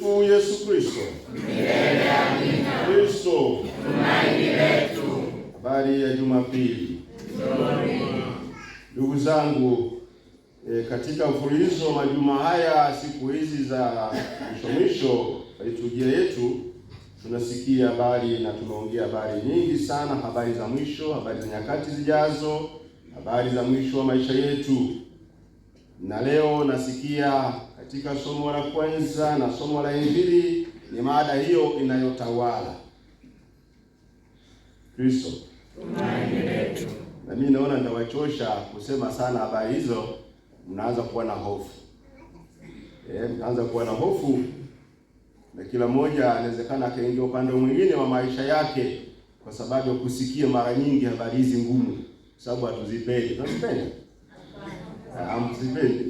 Mungu Yesu Kristo milele amina. Kristo tumaini letu. Habari ya Jumapili, ndugu zangu. E, katika mfululizo wa majuma haya siku hizi za mwisho mwisho liturujia yetu tunasikia habari na tumeongea habari nyingi sana, habari za mwisho, habari za nyakati zijazo, habari za mwisho wa maisha yetu, na leo nasikia katika somo la kwanza na somo la Injili ni mada hiyo inayotawala Kristo tumaini letu. Na mimi naona nitawachosha kusema sana habari hizo, mnaanza kuwa na hofu e, mnaanza kuwa na hofu na kila mmoja anawezekana akaingia upande mwingine wa maisha yake, kwa sababu ya kusikia mara nyingi habari hizi ngumu, sababu hatuzipendi. Tunazipendi? Hamzipendi?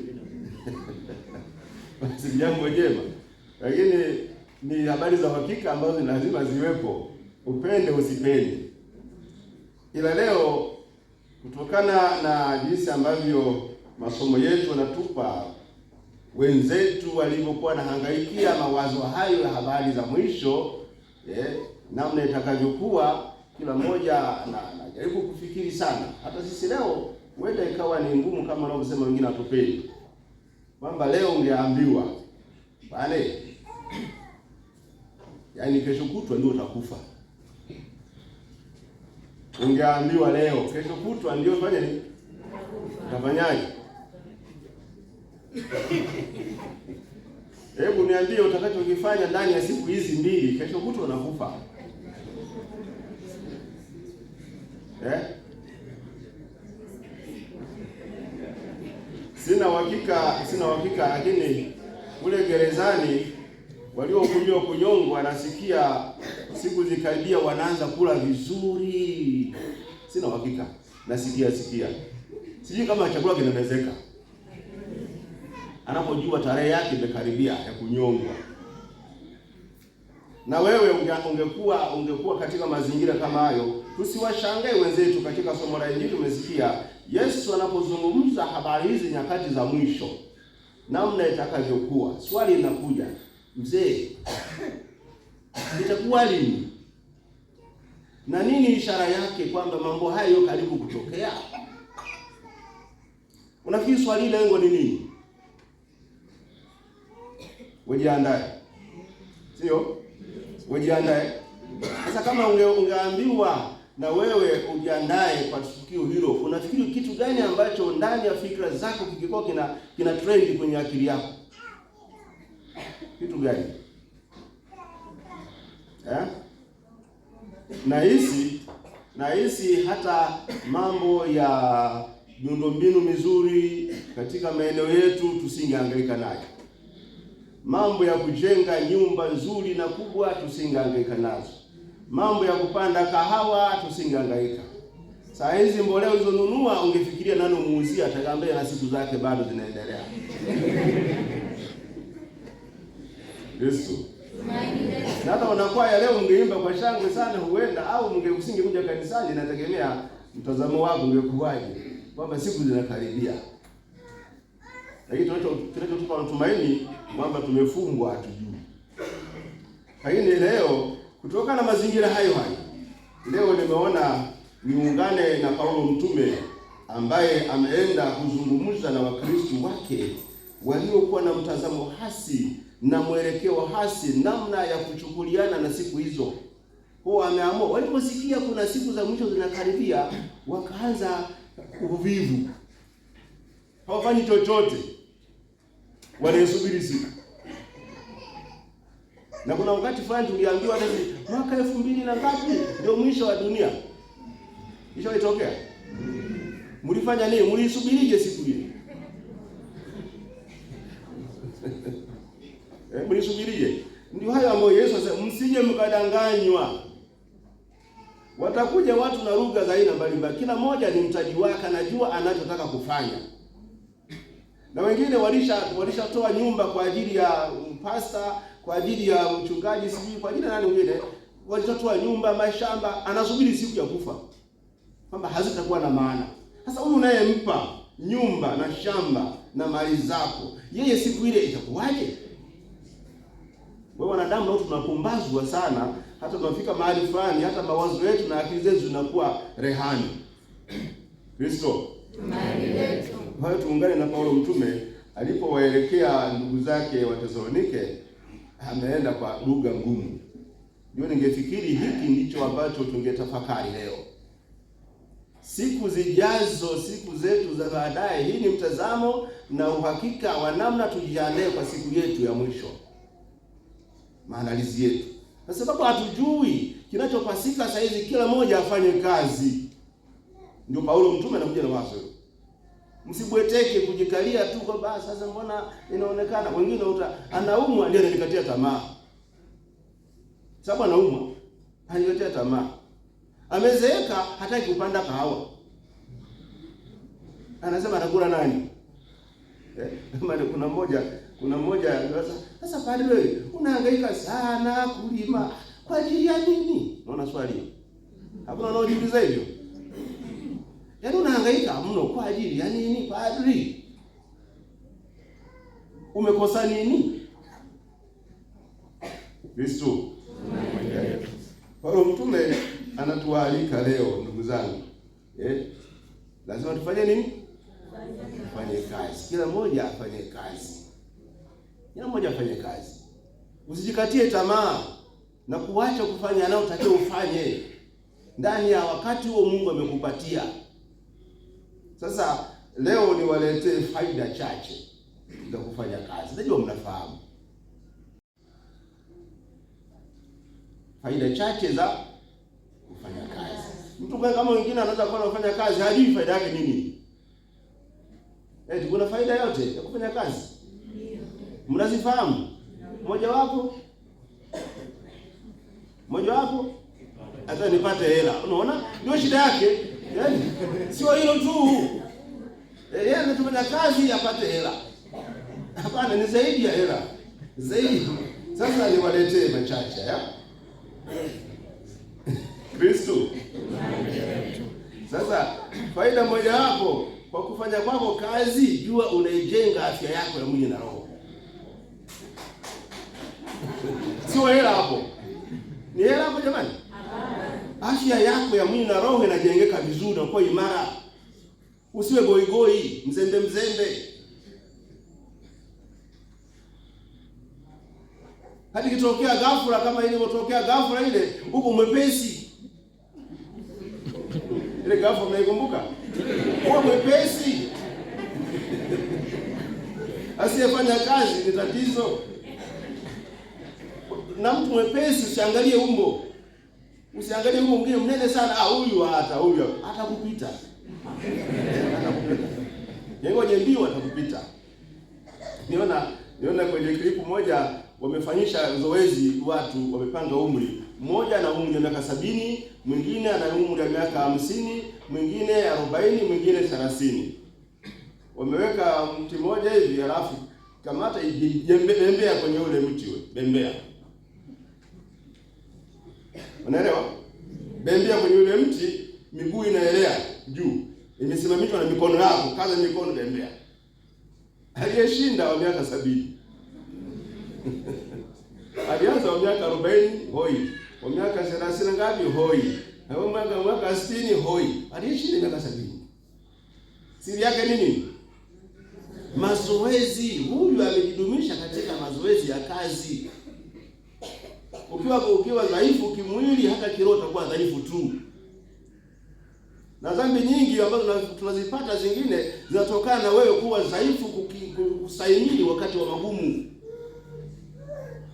si jambo jema, lakini ni habari za hakika ambazo lazima ziwepo, upende usipende. Ila leo kutokana na jinsi ambavyo masomo yetu yanatupa wenzetu walivyokuwa nahangaikia mawazo hayo ya habari za mwisho eh, namna itakavyokuwa, kila mmoja anajaribu kufikiri sana. Hata sisi leo huenda ikawa ni ngumu, kama wanavyosema wengine hatupendi kwamba leo ungeambiwa pale, yaani kesho kutwa ndio utakufa. Ungeambiwa leo kesho kutwa ndio fanya nini, utafanyaje? Hebu niambie utakachokifanya ndani ya siku hizi mbili, kesho kutwa unakufa eh? sina uhakika, sina uhakika, lakini kule gerezani waliokuja kunyongwa, nasikia siku zikaribia, wanaanza kula vizuri. Sina uhakika, nasikia sikia, sijui kama chakula kinamezeka anapojua tarehe yake imekaribia ya kunyongwa. Na wewe ungekuwa ungekuwa katika mazingira kama hayo, tusiwashangae wenzetu. Katika somo la Injili umesikia Yesu anapozungumza habari hizi nyakati za mwisho, namna itakavyokuwa, swali linakuja, mzee, litakuwa lini na nini ishara yake kwamba mambo hayo karibu kutokea? Unafikiri swali lengo ni nini? Wejiandae, sio? Wejiandae. Sasa kama ungeambiwa na wewe ujiandae kwa tukio hilo. Unafikiri kitu gani ambacho ndani ya fikra zako kikikuwa kina kina trend kwenye akili yako? Kitu gani eh? Nahisi nahisi hata mambo ya miundombinu mizuri katika maeneo yetu tusingehangaika nayo, mambo ya kujenga nyumba nzuri na kubwa tusingehangaika nazo mambo ya kupanda kahawa tusingehangaika. Saa hizi mbolea ulizonunua ungefikiria nani umuuzia, atakambia na siku zake bado zinaendelea. Yesu unakuwa ya leo ungeimba kwa shangwe sana, huenda au kuja kanisani. Nategemea mtazamo wako ungekuwaje, kwamba siku zinakaribia, lakini kinachotupa matumaini kwamba tumefungwa, hatujui. Lakini leo kutoka na mazingira hayo hayo, leo nimeona niungane na Paulo mtume ambaye ameenda kuzungumza na Wakristo wake waliokuwa na mtazamo hasi na mwelekeo hasi namna ya kuchukuliana na siku hizo. Huwa ameamua waliposikia kuna siku za mwisho zinakaribia, wakaanza uvivu, hawafanyi chochote, wanaisubiri siku na kuna wakati fulani tuliambiwa nini, mwaka elfu mbili na ngapi ndio mwisho wa dunia. Hicho ilitokea. Mlifanya nini? Mlisubirije siku ile? Eh, mlisubirije? Ndio hayo ambayo Yesu anasema msije mkadanganywa. Watakuja watu na lugha za aina mbalimbali. Kila mmoja ni mtaji wake, anajua anachotaka kufanya. Na wengine walisha walishatoa nyumba kwa ajili ya pasta kwa ajili ya mchungaji, sijui kwa ajili ya nani mwingine, walitotoa nyumba, mashamba, anasubiri siku ya kufa kwamba hazitakuwa na maana. Sasa huyu unayempa nyumba na shamba na mali zako, yeye siku ile itakuwaje? We wanadamu nao tunapumbazwa sana, hata tunafika mahali fulani, hata mawazo yetu na akili zetu zinakuwa rehani. Kristo, kwa hiyo tuungane na Paulo mtume alipowaelekea ndugu zake wa Tesalonike ameenda kwa lugha ngumu. Ndio ningefikiri hiki ndicho ambacho tungetafakari leo, siku zijazo, siku zetu za baadaye. Hii ni mtazamo na uhakika wa namna tujiandae kwa siku yetu ya mwisho, maandalizi yetu, kwa sababu hatujui kinachopasika. Saa hizi kila mmoja afanye kazi, ndio Paulo mtume anakuja na wazo Msibweteke kujikalia tu kwamba ah, sasa mbona inaonekana wengine uta anaumwa ndio ananikatia tamaa. Sababu anaumwa ananikatia tamaa. Amezeeka hataki kupanda kahawa. Anasema anakula nani? Eh, kuna mmoja kuna mmoja sasa sasa padre wewe unahangaika sana kulima kwa ajili ya nini? Naona swali. Hakuna anaojiuliza hivyo yaani unahangaika mno kwa ajili ya nini? Padri, umekosa nini? Kristo kwa hiyo mtume anatualika leo, ndugu zangu eh, lazima tufanye nini? Tufanye kazi, kila mmoja afanye kazi, kila mmoja afanye kazi. Usijikatie tamaa na kuacha kufanya anayotakiwa ufanye ndani ya wakati huo Mungu amekupatia. Sasa leo niwaletee faida chache za kufanya kazi. Najua mnafahamu faida chache za kufanya kazi. Mtu kama wengine anaweza kuwa anafanya kazi hajui faida yake nini. Eti kuna faida yote ya kufanya kazi, mnazifahamu? Moja wapo moja wapo hata nipate hela, unaona ndio shida yake. Yaani, sio hilo tu. Eh, yeye anatumia kazi apate hela. Hapana, ni zaidi ya hela. Zaidi. Sasa niwaletee machache ya. Kristo. Sasa faida moja hapo kwa kufanya kwako kazi, jua unaijenga afya yako ya mwili na roho. Sio hela hapo. Ni hela hapo jamani afya yako ya mwili na roho inajengeka vizuri, unakuwa imara. Usiwe goigoi mzembe mzembe. Hadi kitokea ghafla kama ilivyotokea ghafla ile, huko mwepesi ile ghafla, mnaikumbuka? Uko mwepesi asiyefanya kazi ni tatizo, na mtu mwepesi usiangalie umbo Usiangalie huyo mwingine mnene sana, ah, huyu hata huyu atakupita. Yengo jembio atakupita. Yaani niona niona kwenye clip moja wamefanyisha zoezi watu wamepanga umri. Mmoja ana umri wa miaka sabini, mwingine ana umri wa miaka hamsini, mwingine arobaini, mwingine thelathini. Wameweka mti mmoja hivi, halafu kamata jembea kwenye ule mti ule, bembea Unaelewa? Bembea kwenye ule mti, miguu inaelea juu, imesimamishwa na mikono yako, kaza mikono, bembea. Aliyeshinda wa miaka sabini alianza wa miaka arobaini hoi, wa miaka thelathini ngapi hoi, na mwaka miaka sitini hoi, aliyeshinda miaka sabini. Siri yake nini? Mazoezi. Huyu amejidumisha katika mazoezi ya kazi. Ukiwa ukiwa dhaifu kimwili, hata kiroho utakuwa dhaifu tu, na dhambi nyingi ambazo tunazipata zingine zinatokana na wewe kuwa dhaifu kustahimili wakati wa magumu.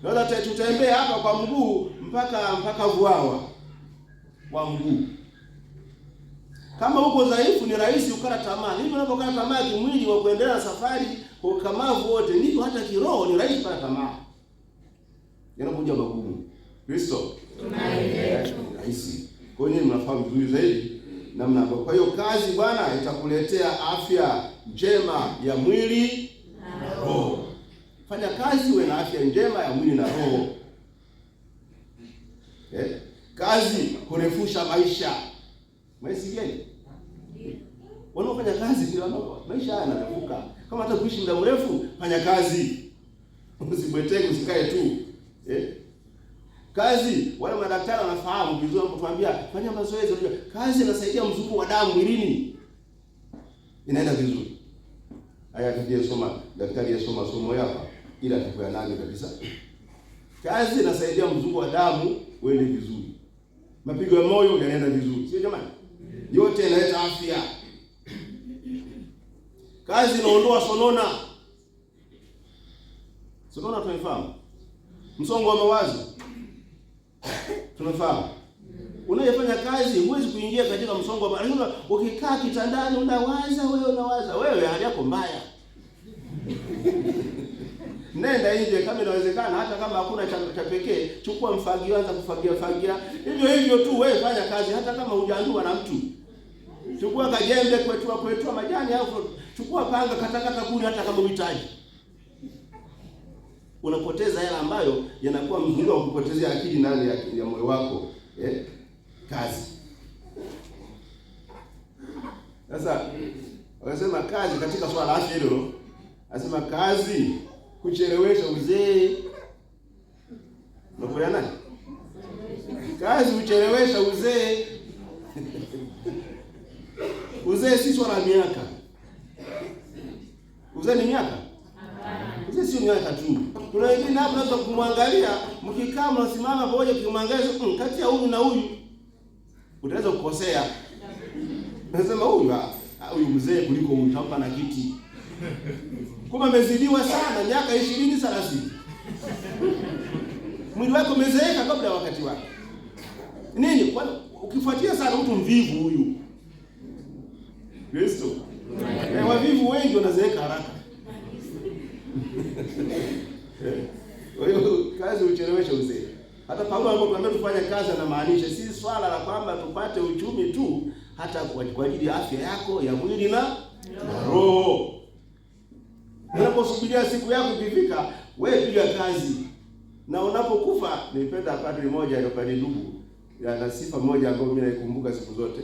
Naona tutembee hapa kwa mguu mpaka mpaka vuawa wa mguu. Kama uko dhaifu, ni rahisi ukata tamaa. Ndivyo unapokata tamaa kimwili wa kuendelea na safari kwa ukamavu wote, ndivyo hata kiroho ni rahisi kukata tamaa yanapokuja magumu. Kristo rahisi. Kwa hiyo mnafahamu vizuri zaidi namna ambayo. Kwa hiyo kazi Bwana itakuletea afya njema ya mwili na roho. Fanya kazi uwe na afya njema ya mwili na roho. Eh, kazi kurefusha maisha. Mwaisikieni? Wanaofanya kazi kila maisha haya yanarefuka. Kama hata kuishi muda mrefu, fanya kazi. Usibweteke, usikae tu. Eh? Kazi wale madaktari wanafahamu vizuri wanapotuambia fanya mazoezi unajua kazi inasaidia mzunguko wa damu mwilini. Inaenda vizuri. Haya tujie soma daktari yasoma somo hapa ila atakuwa nani kabisa. Kazi inasaidia mzunguko wa damu uende vizuri. Mapigo ya moyo yanaenda vizuri. Sio jamani? Yote inaleta afya. Kazi inaondoa sonona. Sonona tunaifahamu. Msongo wa mawazo Unafahamu? Unayefanya kazi huwezi kuingia katika msongo wa mawazo. Ukikaa kitandani unawaza wewe unawaza wewe hali yako mbaya. Nenda nje kama inawezekana, hata kama hakuna cha, cha pekee, chukua mfagio, anza kufagia fagia. Hivyo hivyo tu wewe fanya kazi, hata kama hujaandua na mtu. Chukua kajembe, kwetua kwetua majani, au chukua panga, katakata kuni, hata kama uhitaji unapoteza yale ambayo yanakuwa mhimili wa kupotezea akili ndani ya, ya moyo wako eh, kazi. Sasa wanasema kazi katika swala lake hilo, anasema kazi kuchelewesha uzee. Unakulia nani? Kazi huchelewesha uzee. Uzee si swala miaka, uzee ni miaka sisi sio miaka tu. Kuna wengine hapa naweza kumwangalia, mkikaa mnasimama pamoja kumwangalia, mm, kati ya huyu na huyu utaweza kukosea. Nasema huyu ah, ah, huyu mzee kuliko huyu tampa na kiti. Kumbe amezidiwa sana miaka 20 30. Mwili wako umezeeka kabla ya wakati wake. Nini? Kwa ukifuatia sana mtu mvivu huyu. Kristo. Eh, wavivu wengi wanazeeka haraka. Kwa hiyo kazi ucheleweshe uzee. Hata Paulo alipokuambia tufanye kazi, anamaanisha si swala la kwamba tupate uchumi tu, hata kwa ajili ya afya yako ya mwili na roho. Unaposubiria siku yako ikifika, wewe piga kazi, na unapokufa. nipenda padri moja alikuwa ndugu, ana sifa moja ambayo mimi naikumbuka siku zote,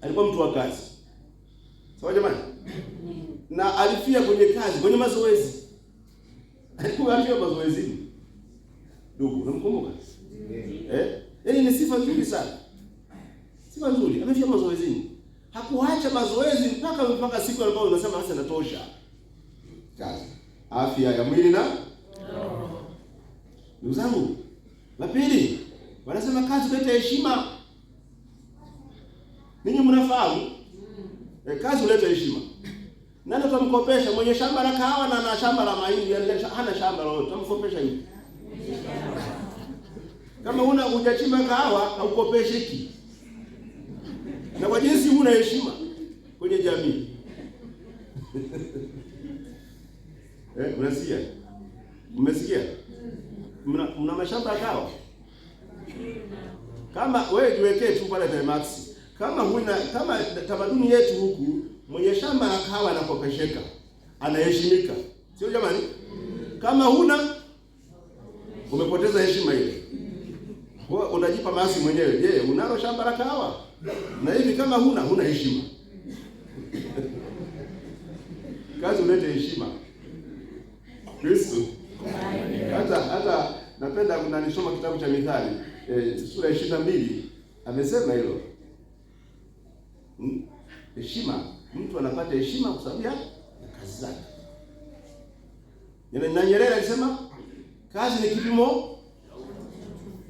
alikuwa mtu wa kazi. Sawa jamani na alifia kwenye kazi, kwenye mazoezi, alikuwa alifia mazoezini. Ndugu, unamkumbuka eh? Yaani ni sifa nzuri sana, sifa nzuri, amefia mazoezini, hakuacha mazoezi mpaka mpaka siku ambayo unasema sasa natosha. Kazi, afya ya mwili na ndugu zangu, la pili wanasema kazi huleta heshima. Ninyi mnafahamu mm. eh, kazi huleta heshima nani utamkopesha? Mwenye shamba la kahawa na ana shamba la mahindi, yaani hana shamba lolote. Utamkopesha hivi? Kama una hujachimba kahawa haukopesheki. Na kwa jinsi una heshima kwenye jamii. Eh, unasikia? Umesikia? Mna, mna mashamba ya kahawa? Kama wewe jiwekee tu pale Temax. Kama huna kama tamaduni yetu huku mwenye shamba akawa anakopesheka, anaheshimika, sio jamani? Kama huna umepoteza heshima ile. Wewe unajipa maasi mwenyewe. Je, unalo shamba la kahawa? Na hivi kama huna huna heshima. Kazi ulete heshima. Kristo. Hata hata napenda kuna kitabu cha Mithali e, sura ya 22 amesema hilo. Hmm? Heshima mtu anapata heshima kwa sababu ya kazi zake. Yaani na Nyerere alisema kazi ni kipimo,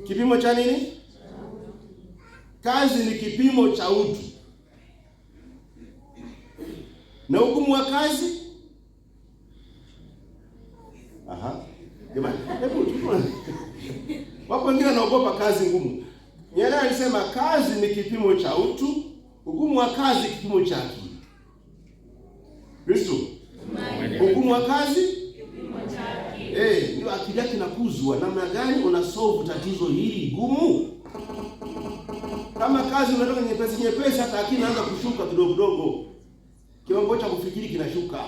kipimo cha nini? Kazi ni kipimo cha utu, na hukumu wa kazi. Aha, jamani, hebu wapo wengine wanaogopa kazi ngumu. Nyerere alisema kazi ni kipimo cha utu, hukumu wa kazi kipimo cha Kristo hukumu wa kazi Eh, ndio akili yake inakuzwa namna gani unasolve tatizo hili gumu. Kama kazi unatoka nyepesi nyepesi, hata akili inaanza kushuka kidogo kidogo, kiwango cha kufikiri kinashuka.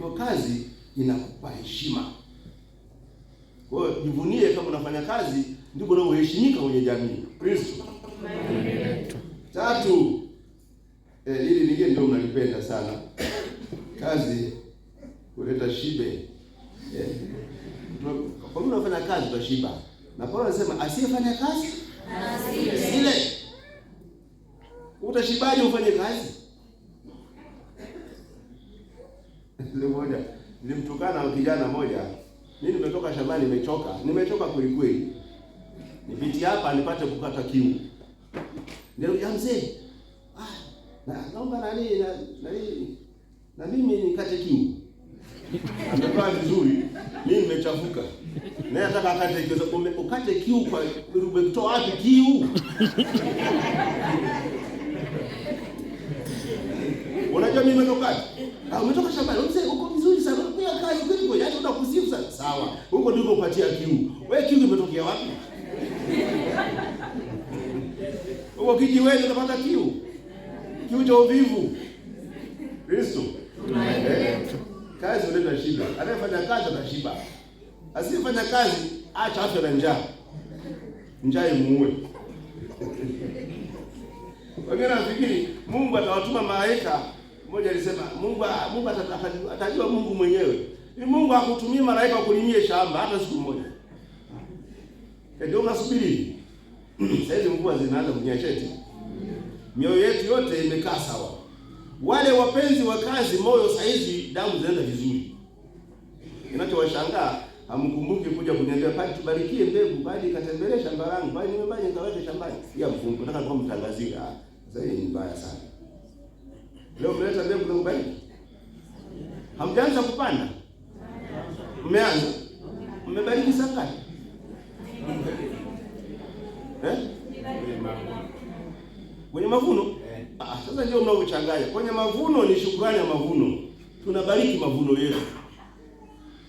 Kwa kazi inakupa heshima. Kwa hiyo jivunie kama unafanya kazi, ndipo unaheshimika kwenye jamii. Kristo tatu eh, ili lingine ndio mnalipenda sana kazi kuleta shibe eh, kwa mtu anafanya kazi utashiba, na Paulo anasema asiyefanya kazi asile. Utashibaje ufanye kazi? Ile moja nilimtukana kijana moja, mimi nimetoka shambani, nimechoka, nimechoka kweli kweli, hapa nipate kukata kiu, ndio mzee na naomba nani na nani na mimi nikate kiu. Amevaa vizuri, mimi nimechafuka. Naye nataka akate kiu. Kumbe ukate kiu kwa umetoa wapi kiu? Unajua mimi nimetoka. Ah, umetoka shambani. Mzee uko vizuri sana. Kwa kazi kweli kweli, hata yaani unakusifu sana. Sawa. Huko ndiko upatia kiu. Wewe kiu imetokea wapi? Huko kijiweni unapata kiu kiu cha uvivu. Kristo kazi unaleta shida, anayefanya kazi atashiba, asiyefanya kazi acha afya na njaa, njaa imuue. Wengine nafikiri Mungu atawatuma malaika. Mmoja alisema Mungu Mungu atajua Mungu mwenyewe. Ni Mungu hakutumia malaika kulimie shamba hata siku moja. Ndio unasubiri. Sasa hizi mvua zinaanza kunyesha tena mioyo yetu yote imekaa sawa. Wale wapenzi wa kazi, moyo saizi damu zinaenda vizuri. inachowashangaa hamkumbuki kuja kuniambia pale, tubarikie mbegu, bali katembelee shamba langu, bali nimebali nikaweke shambani. Ya mfungo nataka kwa mtangazia sasa ni mbaya sana. Leo mleta mbegu na kubariki. Hamjaanza kupanda? Mmeanza? Mmebariki sana Eh? Kwenye mavuno? Eh. Ah, ah, sasa ndio mnaochanganya. Kwenye mavuno ni shukrani ya mavuno. Tunabariki mavuno yetu.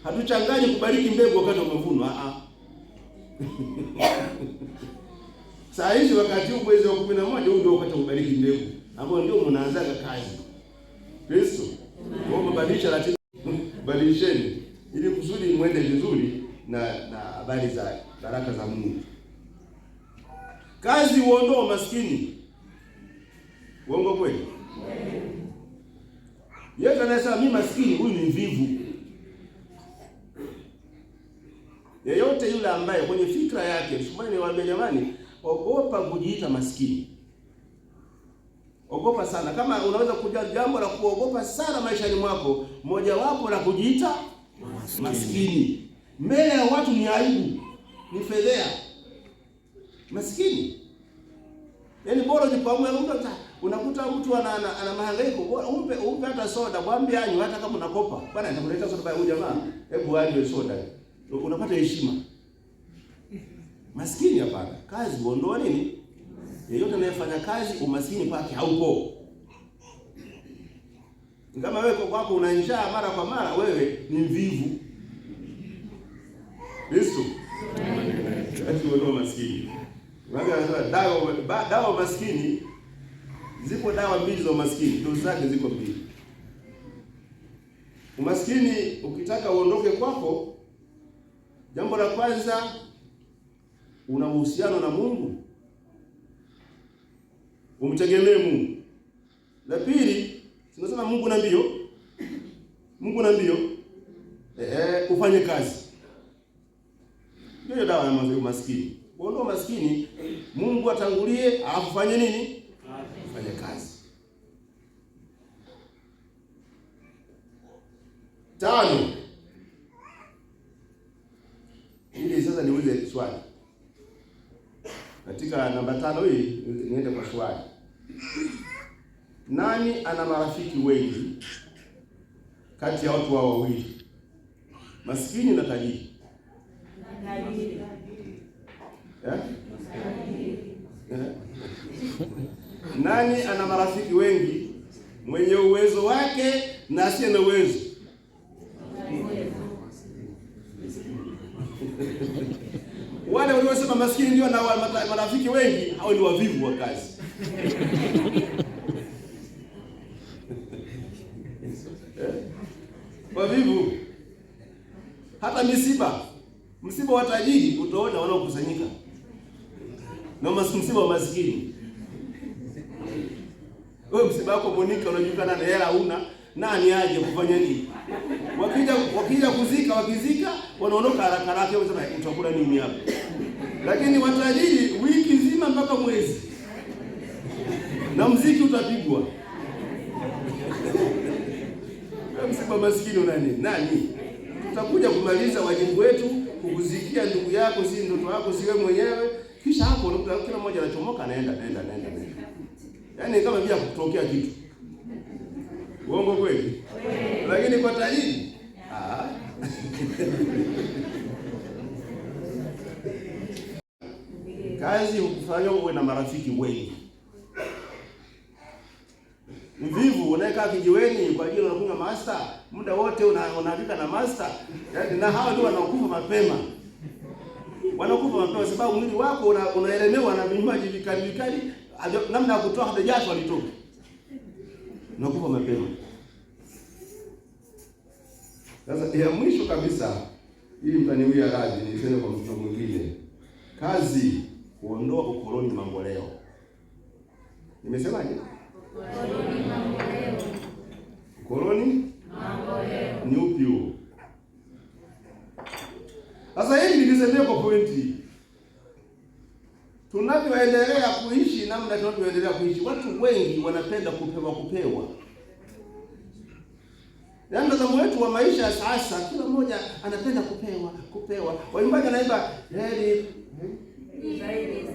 Hatuchanganyi kubariki mbegu wakati wa mavuno. Ah. ah. Saa hizi wakati huu mwezi wa 11 huu ndio wakati wa kubariki mbegu. Hapo ndio mnaanzaga kazi. Kristo. Wao mabadilisha ratiba. Badilisheni ili kusudi muende vizuri na na habari za baraka za Mungu. Kazi huondoa maskini. Uongo kweli? Yesu anasema mimi maskini, huyu ni mvivu. Yeyote yule ambaye kwenye fikra yake mshumaini, niwaambie jamani, ogopa kujiita maskini, ogopa sana. Kama unaweza kuja jambo la kuogopa sana maishani mwako, mojawapo la kujiita maskini, maskini mbele ya watu ni aibu, ni fedhea. Maskini yaani bora jikwamua mtu Unakuta mtu ana ana, ana mahangaiko, umpe umpe hata soda, mwambie anyu hata kama unakopa. Bwana nitakuleta soda baya, jamaa, hebu anywe soda. Unapata heshima. Maskini hapana. Kazi huondoa nini? Yeyote anayefanya kazi umaskini kwake haupo. Kama wewe kwa kwako una njaa mara kwa mara, wewe ni mvivu. Yesu. Kazi wewe maskini. Dawa dawa maskini Zipo dawa mbili za umaskini, dozi zake ziko mbili. Umaskini ukitaka uondoke kwako, jambo la kwanza, una uhusiano na Mungu, umtegemee Mungu. La pili, tunasema Mungu na mbio, Mungu na mbio, eh, ufanye kazi. Ndio dawa ya umaskini, uondoa umaskini, Mungu atangulie, afanye nini kufanya kazi. Tano, ili sasa niulize swali katika namba tano hii, niende kwa swali. Nani ana marafiki wengi kati ya watu hao wawili, maskini na tajiri? Eh? Eh? Nani ana marafiki wengi? Mwenye uwezo wake na asiye na uwezo. Wale waliosema maskini ndio na marafiki wengi, hao ni wavivu wa kazi. Wavivu. Hata misiba, msiba wa tajiri utaona wanaokusanyika, na msiba wa maskini wewe msiba wako Monica unajulikana na hela una nani aje kufanya nini? Wakija wakija kuzika wakizika wanaondoka haraka haraka wao sema utakula nini hapo? Lakini watajiri wiki nzima mpaka mwezi. Na mziki utapigwa. Wewe msiba maskini una nini? Nani? Tutakuja kumaliza wajibu wetu kukuzikia ndugu yako si ndoto yako si wewe mwenyewe kisha hapo kila mmoja anachomoka anaenda anaenda anaenda. Yaani kama mimi kutokea kitu. Uongo kweli? Lakini kwa tajiri? Ah. Kazi ukufanya uwe na marafiki wengi. Mvivu unaweka kijiweni kwa ajili ya unakunga master, muda wote unaandika na master. Yaani na hawa ndio wanakufa mapema. Wanakufa mapema sababu mwili wako unaelemewa una na vinywaji vikali vikali namna ya kutoa jasho alitoka. nakufa mapema. Sasa ya mwisho kabisa, ili mtaniwia radhi, nilisema kwa mtu mwingine, kazi kuondoa ukoloni mamboleo. Nimesemaje? ukoloni mamboleo. Ukoloni mamboleo ni upi huo? Sasa hili nilisemea kwa pointi tunavyoendelea kuishi, namna tunavyoendelea kuishi, watu wengi wanapenda kupewa kupewa. Yaani mtazamo wetu wa maisha sasa, kila mmoja anapenda kupewa kupewa. Waimbaji anaimba heri zaidi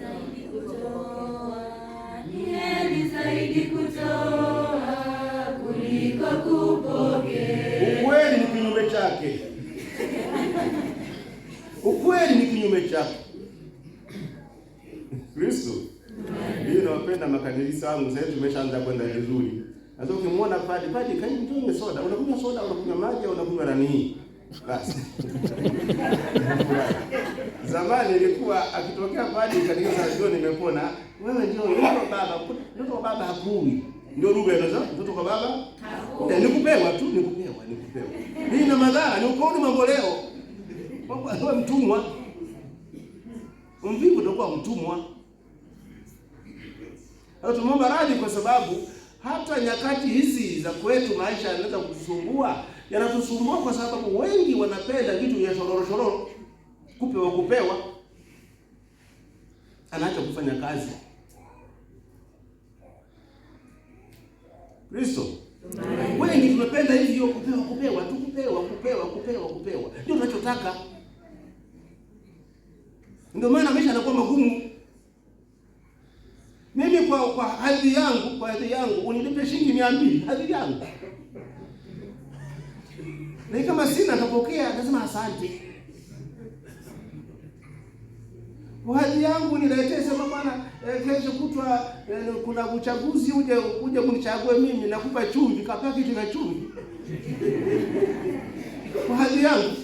heri zaidi kutoa kuliko kupokea. Ukweli ni kinyume chake, ukweli ni kinyume chake. Kristo. Mimi nawapenda makanisa yangu, sasa tumeshaanza kwenda vizuri. Sasa ukimwona padi padi, kaini mtu ni soda, unakunywa soda, unakunywa maji au unakunywa nani? Basi. Zamani ilikuwa akitokea padi katika sasa nimepona. Wewe ndio mtoto baba, mtoto baba hakuwi. Ndio lugha inaza, mtoto kwa baba? Hakui. Eh, nikupewa tu, nikupewa, nikupewa. Hii ina madhara, ni ukoni mambo leo. Mambo mtumwa. Mvivu utakuwa mtumwa tumomba radhi kwa sababu hata nyakati hizi za kwetu maisha yanaweza kusumbua, yanatusumbua kwa sababu wengi wanapenda vitu vya shororo shororo, kupewa kupewa, anaacha kufanya kazi. Kristo, wengi tunapenda hivyo, kupewa kupewa tu, kupewa kupewa kupewa kupewa, ndio tunachotaka. Ndio maana maisha yanakuwa magumu. Lazima kwa ardhi yangu, kwa ardhi yangu unilipe shilingi mia mbili ardhi yangu. Na kama sina atapokea, lazima asante. Kwa ardhi yangu niletee, sema bwana, eh, kesho kutwa eh, kuna uchaguzi, uje uje kunichague mimi, nakupa chumvi, kapea kitu na chumvi. Kwa ardhi yangu.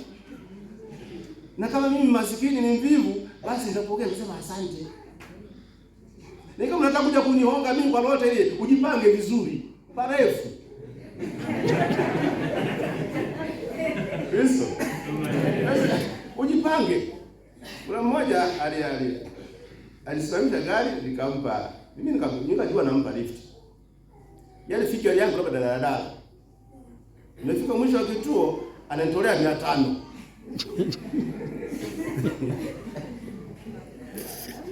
Na kama mimi masikini ni mvivu, basi nitapokea kusema asante. Na kama unataka kuja kunihonga mimi kwa lolote ile, ujipange vizuri. Parefu. Yesu. Ujipange. Kuna mmoja ali ali alisimamisha gari nikampa. Mimi nikajua nampa lift. Yale yaani fiki fikra yangu labda daladala. Nimefika mwisho wa kituo anatolea 500.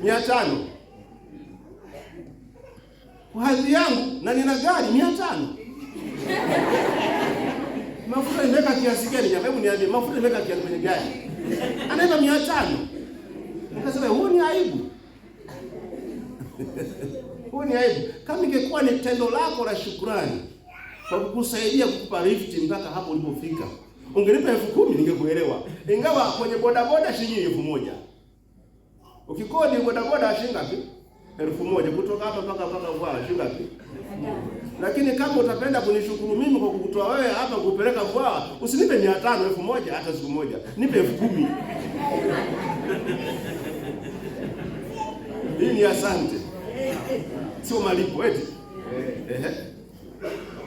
Mia tano. kwa hali yangu na nina gari 500. Mafuta imeweka kiasi gani? Jamaa, hebu niambie mafuta imeweka kiasi kwenye gari. Anaenda 500. Nikasema huo ni aibu. Huo ni aibu. Kama ingekuwa ni tendo lako la shukrani kwa kukusaidia kukupa lift mpaka hapo ulipofika. Ungenipa elfu kumi ningekuelewa. Ingawa kwenye bodaboda shilingi elfu moja. Ukikodi bodaboda shilingi ngapi? elfu moja kutoka hapa mpaka mpaka Mvwala shuka ngapi? Lakini kama utapenda kunishukuru mimi kwa kukutoa wewe hapa kupeleka Mvwala, usinipe mia tano elfu moja hata siku moja, nipe elfu kumi hii ni asante, sio malipo eti. Ehe,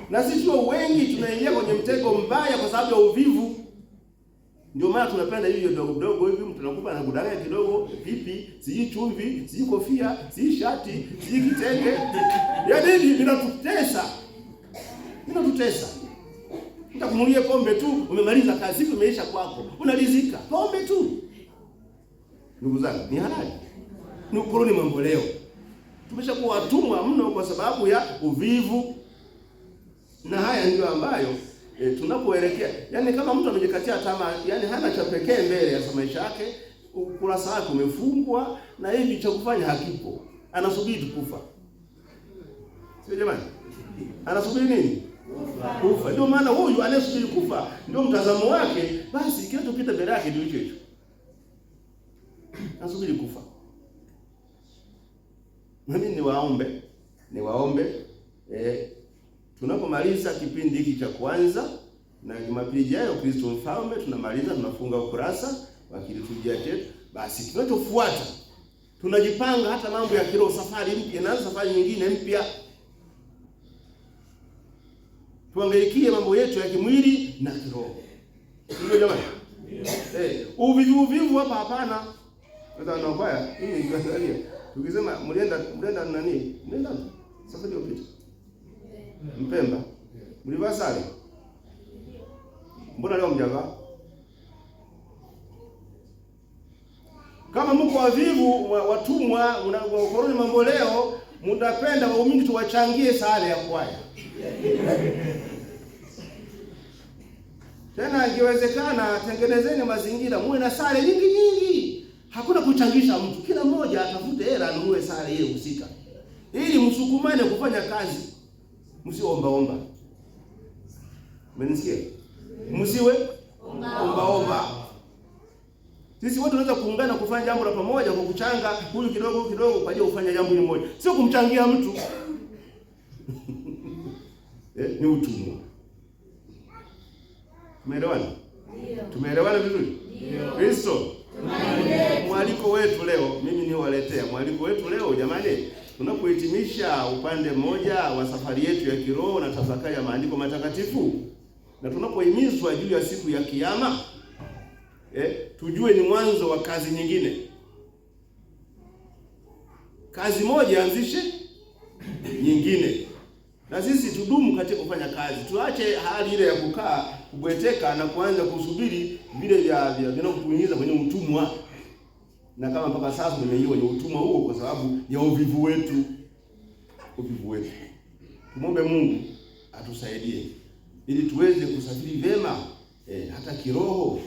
na sisi wengi tunaingia kwenye mtego mbaya kwa sababu ya uvivu. Ndio maana tunapenda hiyo dogo dogo hivi unakupa na kudanganya kidogo, vipi, sijui chumvi, sijui kofia, sijui shati, sijui kitenge ya nini, vinatutesa, vinatutesa. Nitakununulia pombe tu, umemaliza kazi, siku kwako, unalizika pombe tu. Ndugu zangu, ni halali, ni ukoloni mamboleo. Tumeshakuwa watumwa mno kwa sababu ya uvivu, na haya ndio ambayo e, tunapoelekea yani, kama mtu amejikatia tamaa, yani hana cha pekee mbele ya maisha yake, ukurasa wake umefungwa na hivi cha kufanya hakipo, anasubiri kufa. Sio jamani, anasubiri nini? Kufa. Ndio maana huyu anayesubiri kufa ndio mtazamo wake, basi kinachopita mbele yake ndio hicho hicho, anasubiri kufa. Nami niwaombe niwaombe eh Tunapomaliza kipindi hiki cha kwanza na Jumapili ijayo Kristo Mfalme tunamaliza, tunafunga ukurasa wa kiliturujia chetu. Basi tunachofuata tunajipanga hata mambo ya kiroho, safari mpya, naanza safari nyingine mpya. Tuangalikie mambo yetu ya kimwili na kiroho, ndio jamani. Eh, uvivu uvivu hapa hapana. Sasa ndio kwaya hii ni Tanzania. Tukisema mlienda mlienda nani? Nenda. safari iliyopita. Mpemba mlivaa sare? Mbona leo mjavaa? Kama mko wavivu watumwa, unakoroni mambo leo, mtapenda waumini tuwachangie sare ya kwaya tena ikiwezekana, tengenezeni mazingira muwe na sare nyingi nyingi, hakuna kuchangisha mtu, kila mmoja atafute hela anunue sare ile husika, ili msukumane kufanya kazi msiombaomba. Mmenisikia? Msiwe ombaomba. Sisi wote tunaweza kuungana kufanya jambo la pamoja kwa kuchanga huyu kidogo huyu kidogo kwa ajili ya kufanya jambo hili moja. Sio kumchangia mtu. Eh, ni utumwa. Tumeelewana? Ndio. Tumeelewana vizuri? Ndio. Kristo. Mwaliko wetu leo mimi niwaletea mwaliko wetu leo jamani. Tunapohitimisha upande mmoja wa safari yetu ya kiroho na tafakari ya maandiko matakatifu na tunapohimizwa juu ya siku ya Kiyama, eh, tujue ni mwanzo wa kazi nyingine. Kazi moja anzishe nyingine, na sisi tudumu katika kufanya kazi. Tuache hali ile ya kukaa kubweteka na kuanza kusubiri vile vya vinavyokuingiza kwenye utumwa na kama mpaka sasa tumeingia ni utumwa huo kwa sababu ya uvivu wetu, uvivu wetu. Tumombe Mungu atusaidie ili tuweze kusafiri vema eh, hata kiroho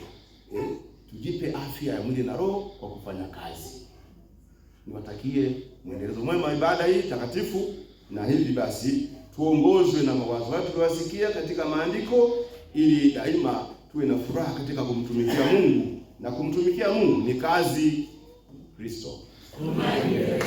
eh, tujipe afya ya mwili na roho kwa kufanya kazi. Niwatakie mwendelezo mwema ibada hii takatifu, na hivi basi tuongozwe na mawazo hayo tuliyosikia katika maandiko, ili daima tuwe na furaha katika kumtumikia Mungu, na kumtumikia Mungu ni kazi Cristo. Maria.